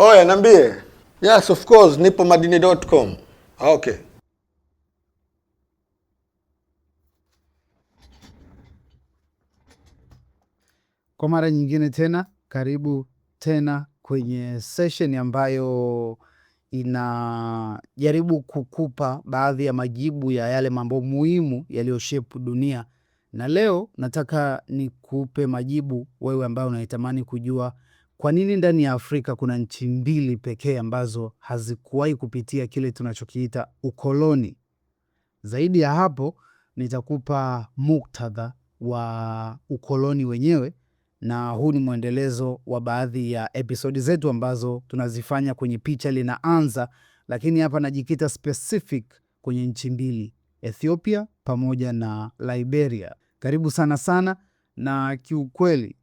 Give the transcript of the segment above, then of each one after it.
Oya, niambie. Yes, of course, nipo madini.com. Ah, okay. Kwa mara nyingine tena, karibu tena kwenye session ambayo inajaribu kukupa baadhi ya majibu ya yale mambo muhimu yaliyoshape dunia, na leo nataka nikupe majibu wewe ambayo unaitamani kujua kwa nini ndani ya Afrika kuna nchi mbili pekee ambazo hazikuwahi kupitia kile tunachokiita ukoloni? Zaidi ya hapo, nitakupa muktadha wa ukoloni wenyewe, na huu ni mwendelezo wa baadhi ya episodi zetu ambazo tunazifanya kwenye Picha Linaanza, lakini hapa najikita specific kwenye nchi mbili, Ethiopia pamoja na Liberia. Karibu sana sana, na kiukweli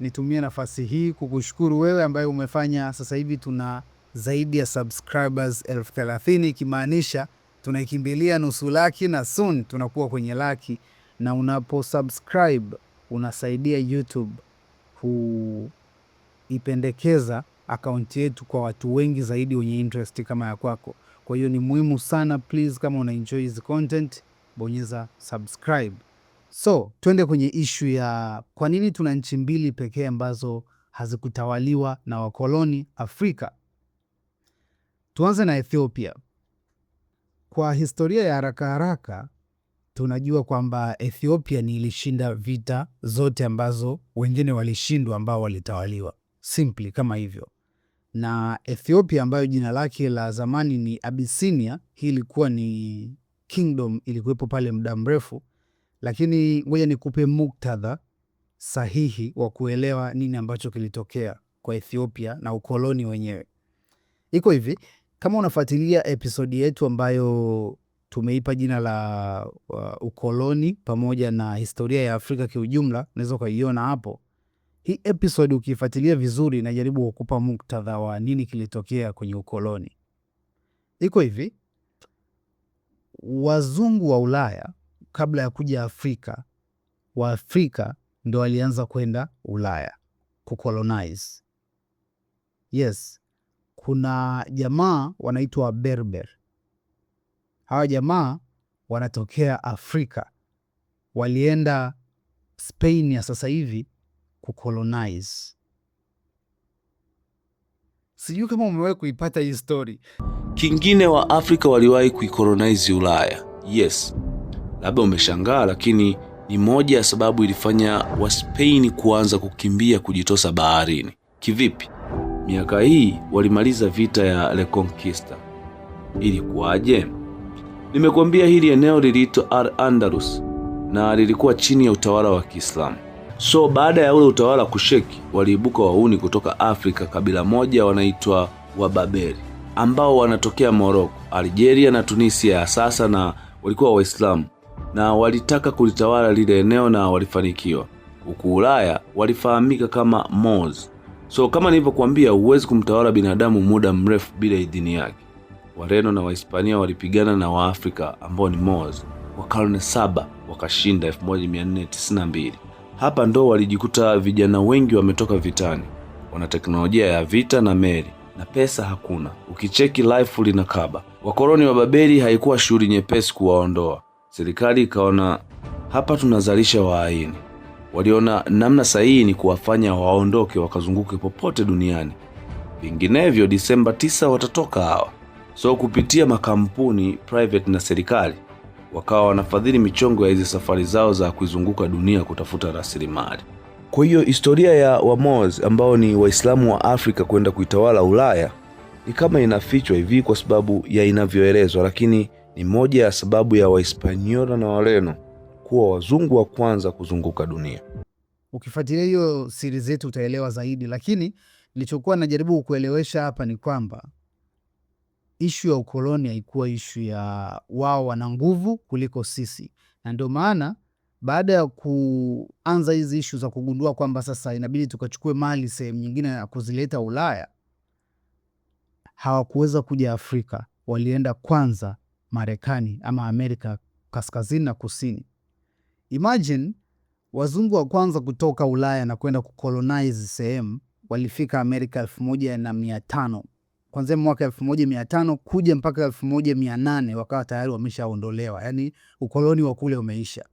nitumie nafasi hii kukushukuru wewe ambaye umefanya. Sasa hivi tuna zaidi ya subscribers elfu thelathini ikimaanisha tunaikimbilia nusu laki na soon tunakuwa kwenye laki, na unapo subscribe unasaidia YouTube kuipendekeza akaunti yetu kwa watu wengi zaidi wenye interest kama ya kwako. Kwa hiyo ni muhimu sana please, kama una enjoy hizi content bonyeza subscribe. So tuende kwenye ishu ya kwa nini tuna nchi mbili pekee ambazo hazikutawaliwa na wakoloni Afrika. Tuanze na Ethiopia. Kwa historia ya haraka haraka, tunajua kwamba Ethiopia ni ilishinda vita zote ambazo wengine walishindwa, ambao walitawaliwa, simply kama hivyo. Na Ethiopia ambayo jina lake la zamani ni Abyssinia, hii ilikuwa ni kingdom, ilikuwepo pale muda mrefu lakini ngoja nikupe muktadha sahihi wa kuelewa nini ambacho kilitokea kwa Ethiopia na ukoloni wenyewe. Iko hivi, kama unafuatilia episodi yetu ambayo tumeipa jina la uh, ukoloni pamoja na historia ya Afrika kiujumla, unaweza ukaiona hapo. Hii episodi ukiifuatilia vizuri, najaribu kukupa muktadha wa nini kilitokea kwenye ukoloni. Iko hivi, wazungu wa Ulaya kabla ya kuja Afrika, Waafrika ndo walianza kwenda Ulaya kucolonize. Yes, kuna jamaa wanaitwa Berber. Hawa jamaa wanatokea Afrika, walienda Spain ya sasa hivi kucolonize. Sijui kama umewahi kuipata hii story. Kingine wa Afrika waliwahi kuikolonize Ulaya. Yes, Labda umeshangaa, lakini ni moja ya sababu ilifanya Waspeini kuanza kukimbia kujitosa baharini. Kivipi? Miaka hii walimaliza vita ya Reconquista. Ilikuwaje? Nimekuambia hili eneo liliitwa Al-Andalus na lilikuwa chini ya utawala wa Kiislamu. So baada ya ule utawala kusheki, waliibuka wauni kutoka Afrika, kabila moja wanaitwa wababeli ambao wanatokea Moroko, Algeria na Tunisia ya sasa, na walikuwa Waislamu na walitaka kulitawala lile eneo na walifanikiwa. Huku Ulaya walifahamika kama Moors. So kama nilivyokuambia, huwezi kumtawala binadamu muda mrefu bila idhini yake. Wareno na Wahispania walipigana na Waafrika ambao ni Moors kwa karne saba wakashinda 1492. Hapa ndo walijikuta vijana wengi wametoka vitani, wana teknolojia ya vita na meli na pesa hakuna. Ukicheki life linakaba. Wakoloni wa Babeli haikuwa shughuli nyepesi kuwaondoa serikali ikaona hapa tunazalisha wahaini. Waliona namna sahihi ni kuwafanya waondoke wakazunguke popote duniani, vinginevyo Disemba tisa watatoka hawa. So kupitia makampuni private na serikali wakawa wanafadhili michongo ya hizi safari zao za kuizunguka dunia kutafuta rasilimali. Kwa hiyo historia ya Wamoz ambao ni Waislamu wa Afrika kwenda kuitawala Ulaya ni kama inafichwa hivi kwa sababu ya inavyoelezwa, lakini ni moja ya sababu ya Wahispaniola na Wareno kuwa wazungu wa kwanza kuzunguka dunia. Ukifuatilia hiyo siri zetu utaelewa zaidi, lakini nilichokuwa najaribu kukuelewesha hapa ni kwamba ishu ya ukoloni haikuwa ishu ya wao wana nguvu kuliko sisi, na ndio maana baada ya kuanza hizi ishu za kugundua kwamba sasa inabidi tukachukue mali sehemu nyingine ya kuzileta Ulaya, hawakuweza kuja Afrika, walienda kwanza Marekani ama Amerika kaskazini na kusini. Imagine wazungu wa kwanza kutoka Ulaya na kwenda kukolonize sehemu walifika Amerika elfu moja na mia tano kwanzia mwaka elfu moja mia tano kuja mpaka elfu moja mia nane wakawa tayari wameshaondolewa, yani ukoloni wa kule umeisha.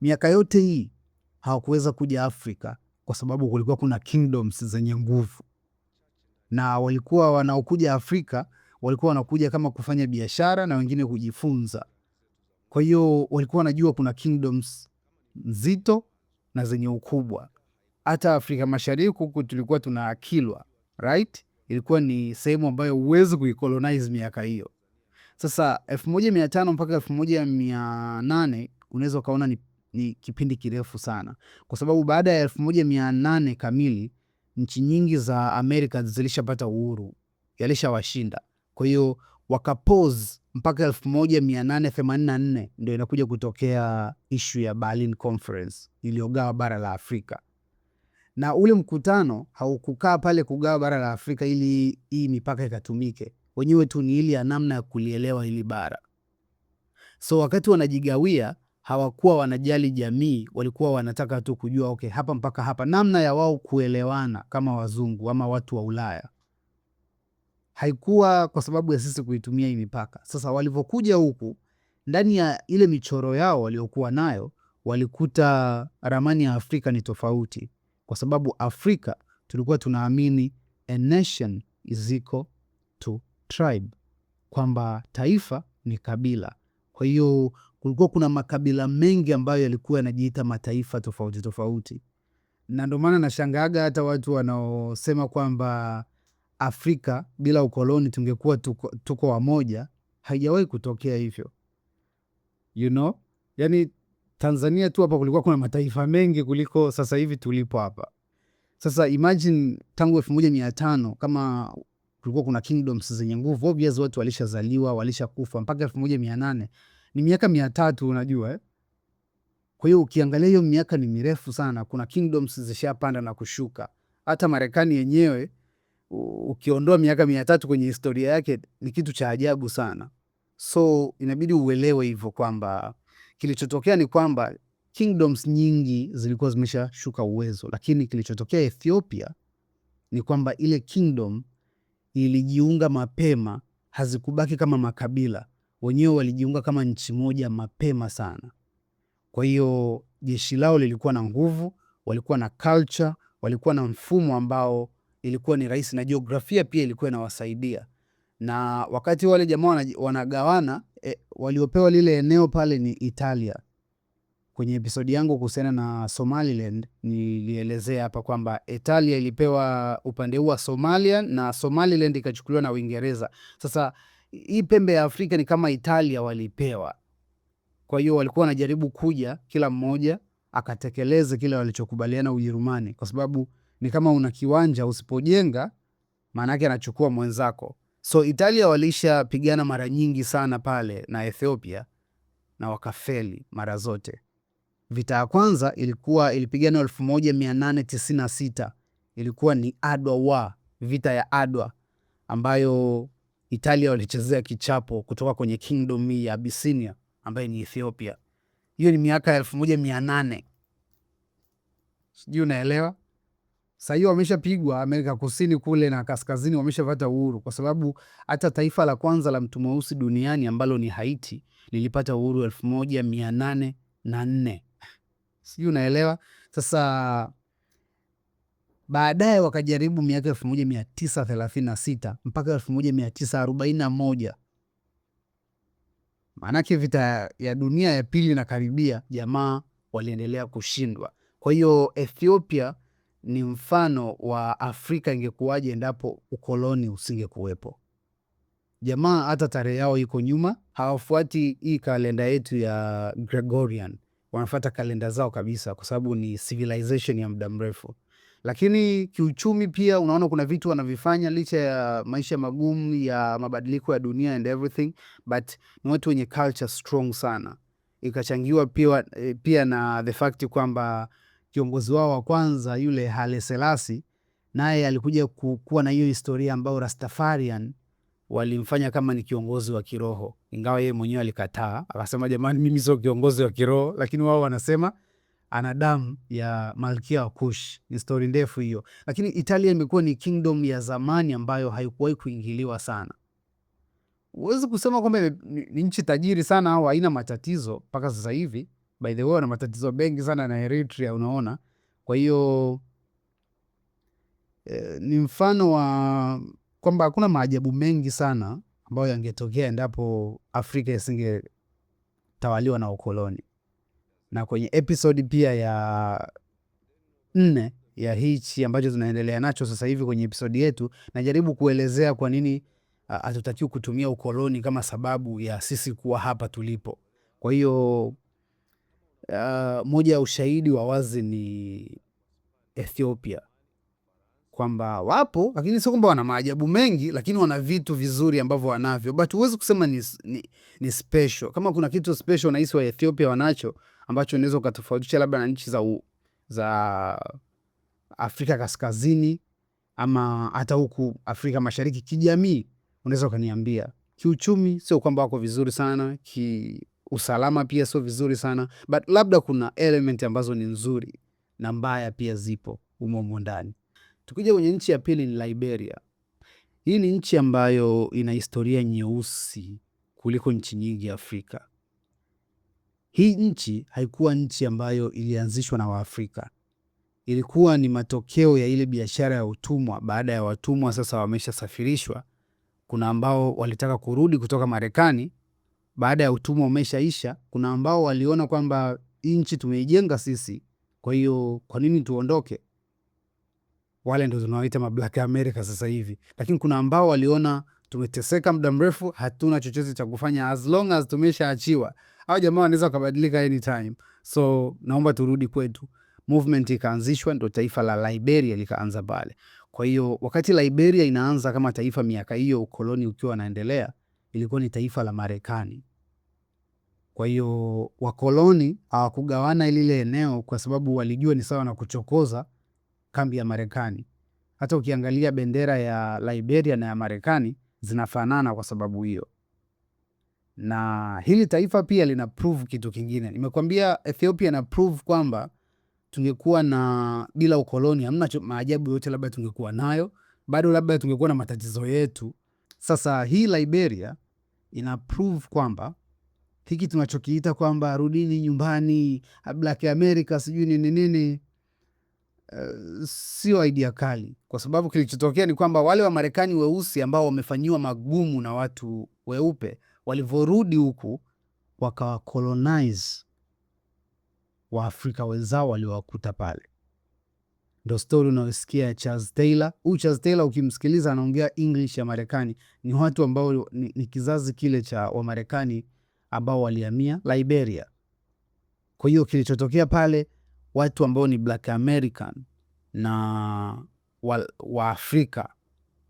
Miaka yote hii hawakuweza kuja Afrika kwa sababu kulikuwa kuna kingdoms zenye nguvu, na walikuwa wanaokuja Afrika walikuwa wanakuja kama kufanya biashara na wengine kujifunza. Kwa hiyo walikuwa wanajua kuna kingdoms nzito na zenye ukubwa. Hata Afrika Mashariki huku tulikuwa tuna tunaakilwa, right? Ilikuwa ni sehemu ambayo huwezi kuikolonize miaka hiyo. Sasa elfu moja mia tano mpaka elfu moja mia nane unaweza ukaona ni, ni kipindi kirefu sana, kwa sababu baada ya elfu moja mia nane kamili nchi nyingi za Amerika zilishapata uhuru, yalishawashinda. Kwa hiyo wakapose mpaka 1884 ndio inakuja kutokea ishu ya Berlin Conference iliyogawa bara la Afrika, na ule mkutano haukukaa pale kugawa bara la Afrika ili hii mipaka ikatumike, wenyewe tu ni ili ya namna ya kulielewa hili bara. So wakati wanajigawia hawakuwa wanajali jamii, walikuwa wanataka tu kujua okay, hapa mpaka hapa, namna ya wao kuelewana kama wazungu ama watu wa Ulaya haikuwa kwa sababu ya sisi kuitumia hii mipaka. Sasa walivyokuja huku, ndani ya ile michoro yao waliokuwa nayo walikuta ramani ya Afrika ni tofauti, kwa sababu Afrika tulikuwa tunaamini a nation is equal to tribe, kwamba taifa ni kabila. Kwa hiyo kulikuwa kuna makabila mengi ambayo yalikuwa yanajiita mataifa tofauti tofauti, na ndio maana nashangaaga hata watu wanaosema kwamba Afrika bila ukoloni tungekuwa tuko, tuko wamoja. Haijawahi kutokea hivyo you know? Yani Tanzania tu hapa kulikuwa kuna mataifa mengi kuliko sasa hivi tulipo hapa. Sasa imagine tangu elfu moja mia tano kama kulikuwa kuna kingdoms zenye nguvu, obvious watu walishazaliwa walishakufa mpaka elfu moja mia nane ni miaka mia tatu unajua eh? Kwa hiyo ukiangalia hiyo miaka ni mirefu sana, kuna kingdoms zishapanda na kushuka. Hata Marekani yenyewe ukiondoa miaka mia tatu kwenye historia yake ni kitu cha ajabu sana. So inabidi uelewe hivyo kwamba kilichotokea ni kwamba kingdoms nyingi zilikuwa zimeshashuka uwezo, lakini kilichotokea Ethiopia ni kwamba ile kingdom ilijiunga mapema, hazikubaki kama makabila, wenyewe walijiunga kama nchi moja mapema sana. Kwa hiyo jeshi lao lilikuwa na nguvu, walikuwa na culture, walikuwa na mfumo ambao ilikuwa ni rahisi na jiografia pia ilikuwa inawasaidia. Na wakati wale jamaa wanagawana e, waliopewa lile eneo pale ni Italia. Kwenye episodi yangu kuhusiana na Somaliland nilielezea hapa kwamba Italia ilipewa upande huu wa Somalia na Somaliland ikachukuliwa na Uingereza. Sasa hii pembe ya Afrika ni kama Italia walipewa, kwa hiyo walikuwa wanajaribu kuja, kila mmoja akatekeleze kile walichokubaliana Ujerumani, kwa sababu ni kama una kiwanja, usipojenga maana yake anachukua mwenzako. So Italia walishapigana mara nyingi sana pale na Ethiopia na wakafeli mara zote. Vita ya kwanza ilikuwa ilipigana 1896 ilikuwa ni Adwa wa vita ya Adwa ambayo Italia walichezea kichapo kutoka kwenye kingdom hii ya Abisinia ambayo ni Ethiopia. Hiyo ni miaka ya elfu moja mia nane, sijui unaelewa. Sasa hiyo wameshapigwa Amerika Kusini kule na kaskazini wameshapata uhuru, kwa sababu hata taifa la kwanza la mtu mweusi duniani ambalo ni Haiti lilipata uhuru elfu moja mia nane na nne. Sijui unaelewa. Sasa baadaye wakajaribu miaka elfu moja mia tisa thelathini na sita mpaka elfu moja mia tisa arobaini na moja maanake vita ya dunia ya pili na karibia, jamaa waliendelea kushindwa. Kwa hiyo Ethiopia ni mfano wa Afrika ingekuwaje endapo ukoloni usingekuwepo. Jamaa hata tarehe yao iko nyuma, hawafuati hii kalenda yetu ya Gregorian, wanafuata kalenda zao kabisa, kwa sababu ni civilization ya muda mrefu. Lakini kiuchumi pia unaona kuna vitu wanavifanya licha ya maisha magumu ya mabadiliko ya dunia and everything, but ni watu wenye culture strong sana, ikachangiwa pia, eh, pia na the fact kwamba kiongozi wao wa kwanza yule Haile Selassie naye alikuja kuwa na hiyo historia ambayo Rastafarian walimfanya kama ni kiongozi wa kiroho, ingawa yeye mwenyewe alikataa, akasema jamani, mimi sio kiongozi wa kiroho, lakini wao wanasema ana damu ya malkia wa Kush. Ni stori ndefu hiyo, lakini Italia imekuwa ni kingdom ya zamani ambayo haikuwahi kuingiliwa sana. Huwezi kusema kwamba ni nchi tajiri sana au haina matatizo mpaka sasa hivi by the way wana matatizo mengi sana na Eritrea, unaona. Kwa hiyo eh, ni mfano wa kwamba hakuna maajabu mengi sana ambayo yangetokea endapo Afrika isingetawaliwa na ukoloni. Na kwenye episodi pia ya nne ya hichi ambacho tunaendelea nacho sasa hivi kwenye episodi yetu, najaribu kuelezea kwa nini ah, hatutakiwi kutumia ukoloni kama sababu ya sisi kuwa hapa tulipo. Kwa hiyo Uh, moja ya ushahidi wa wazi ni Ethiopia kwamba wapo, lakini sio kwamba wana maajabu mengi, lakini wana vitu vizuri ambavyo wanavyo, but huwezi kusema ni, ni, ni special. Kama kuna kitu special nahisi wa Ethiopia wanacho ambacho unaweza ukatofautisha labda na nchi za, za Afrika Kaskazini ama hata huku Afrika Mashariki. Kijamii unaweza ukaniambia, kiuchumi sio kwamba wako vizuri sana ki usalama pia sio vizuri sana, but labda kuna element ambazo ni nzuri na mbaya pia zipo humo ndani. Tukija kwenye nchi ya pili ni Liberia. Hii ni nchi ambayo ina historia nyeusi kuliko nchi nyingi Afrika. Hii nchi haikuwa nchi ambayo ilianzishwa na Waafrika, ilikuwa ni matokeo ya ile biashara ya utumwa. Baada ya watumwa sasa wameshasafirishwa, kuna ambao walitaka kurudi kutoka Marekani baada ya utumwa umeshaisha, kuna ambao waliona kwamba nchi tumeijenga sisi, kwa hiyo kwa nini tuondoke? Wale ndio tunawaita mablack America sasa hivi. Lakini kuna ambao waliona tumeteseka muda mrefu, hatuna chochote cha kufanya as long as tumeshaachiwa. au jamaa wanaweza wakabadilika anytime, so naomba turudi kwetu. Movement ikaanzishwa, ndo taifa la Liberia likaanza pale. Kwa hiyo wakati Liberia inaanza kama taifa, miaka hiyo ukoloni ukiwa unaendelea, ilikuwa ni taifa la Marekani. Kwa hiyo wakoloni hawakugawana lile eneo kwa sababu walijua ni sawa na kuchokoza kambi ya Marekani. Hata ukiangalia bendera ya Liberia na ya Marekani zinafanana kwa sababu hiyo. Na hili taifa pia lina prove kitu kingine. Nimekwambia Ethiopia na prove kwamba tungekuwa na bila ukoloni hamna maajabu yote labda tungekuwa nayo, bado labda tungekuwa na matatizo yetu. Sasa hii Liberia ina prove kwamba hiki tunachokiita kwamba rudini nyumbani, Black America sijui nini nini, uh, eh, sio idea kali, kwa sababu kilichotokea ni kwamba wale Wamarekani weusi ambao wamefanyiwa magumu na watu weupe walivyorudi huku wakawakolonize Waafrika wenzao waliowakuta pale. Ndo stori unaosikia ya Charles Taylor. Huyu Charles Taylor ukimsikiliza anaongea English ya Marekani, ni watu ambao ni, ni kizazi kile cha Wamarekani ambao walihamia Liberia. Kwa hiyo kilichotokea pale, watu ambao ni black American na wa, wa Afrika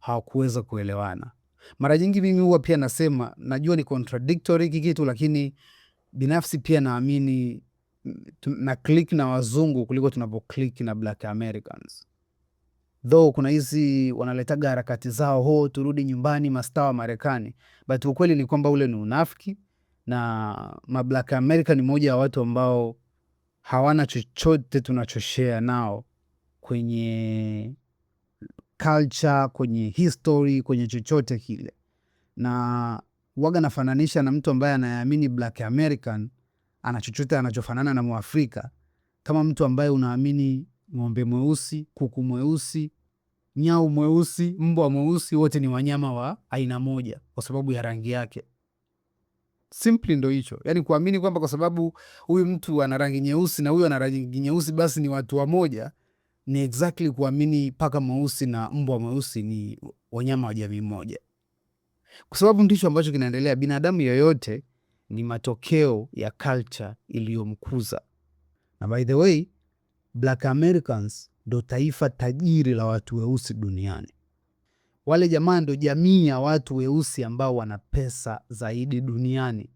hawakuweza kuelewana. Mara nyingi mimi huwa pia nasema, najua ni contradictory hiki kitu, lakini binafsi pia naamini mm, na click na wazungu kuliko tunapo click na black Americans. Though kuna hizi wanaletaga harakati zao, ho oh, turudi nyumbani, mastaa wa Marekani, but ukweli ni kwamba ule ni unafiki na mamlaka Amerika ni moja ya watu ambao hawana chochote tunachoshea nao kwenye culture, kwenye history, kwenye chochote kile, na waga nafananisha na mtu ambaye anayeamini Black American ana chochote anachofanana na Mwafrika kama mtu ambaye unaamini ng'ombe mweusi, kuku mweusi, nyau mweusi, mbwa mweusi, wote ni wanyama wa aina moja kwa sababu ya rangi yake simply ndo hicho, yaani kuamini kwamba kwa sababu huyu mtu ana rangi nyeusi na huyu ana rangi nyeusi basi ni watu wamoja, ni exactly kuamini paka mweusi na mbwa mweusi ni wanyama wa jamii moja, kwa sababu ndicho ambacho kinaendelea. Binadamu yoyote ni matokeo ya culture iliyomkuza. Na by the way, Black Americans ndo taifa tajiri la watu weusi duniani. Wale jamaa ndo jamii ya watu weusi ambao wana pesa zaidi duniani,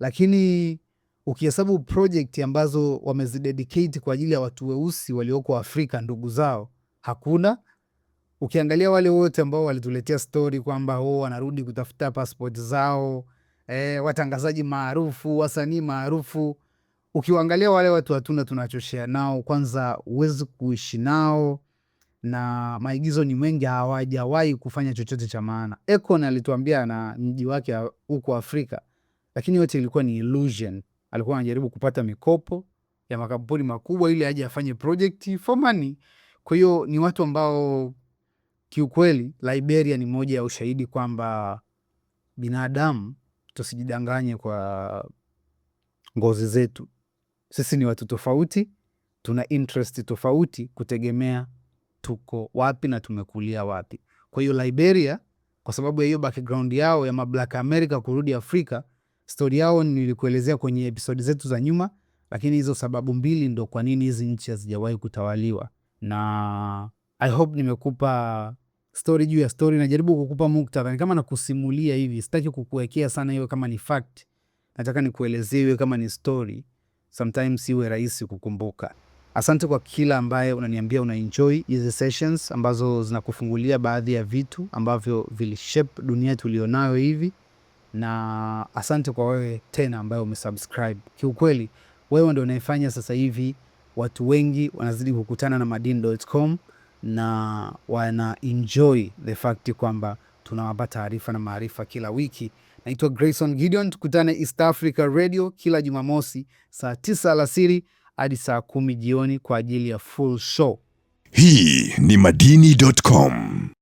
lakini ukihesabu projekti ambazo wamezidedicate kwa ajili ya watu weusi walioko Afrika, ndugu zao, hakuna. Ukiangalia wale wote ambao walituletea stori kwamba o oh, wanarudi kutafuta passport zao, eh, watangazaji maarufu, wasanii maarufu, ukiwaangalia wale watu hatuna tunachoshea nao. Kwanza huwezi kuishi nao, na maigizo ni mengi, hawajawahi kufanya chochote cha maana. Akon alituambia na mji wake huko Afrika, lakini yote ilikuwa ni illusion. Alikuwa anajaribu kupata mikopo ya makampuni makubwa ili aje afanye project for money. Kwa hiyo ni watu ambao kiukweli, Liberia ni moja ya ushahidi kwamba binadamu tusijidanganye kwa ngozi zetu. Sisi ni watu tofauti, tuna interest tofauti kutegemea tuko wapi na tumekulia wapi. Kwa hiyo Liberia, kwa sababu ya hiyo background yao ya mablack America kurudi Afrika, stori yao nilikuelezea kwenye episodi zetu za nyuma, lakini hizo sababu mbili ndo kwa nini hizi nchi hazijawahi kutawaliwa, na I hope nimekupa stori juu ya stori. Najaribu kukupa muktadha, ni kama nakusimulia hivi, sitaki kukuwekea sana hiyo kama ni fact, nataka nikuelezee hiyo kama ni stori, sometimes iwe rahisi kukumbuka. Asante kwa kila ambaye unaniambia una enjoy hizi sessions ambazo zinakufungulia baadhi ya vitu ambavyo vilishape dunia tulionayo hivi, na asante kwa wewe tena ambaye umesubscribe. Kiukweli wewe ndio unaifanya sasa hivi watu wengi wanazidi kukutana na Madini.com na wana enjoy the fact kwamba tunawapa taarifa na maarifa kila wiki. Naitwa Grayson Gideon, tukutane East Africa Radio kila Jumamosi saa 9 alasiri hadi saa kumi jioni kwa ajili ya full show. Hii ni Madini.com.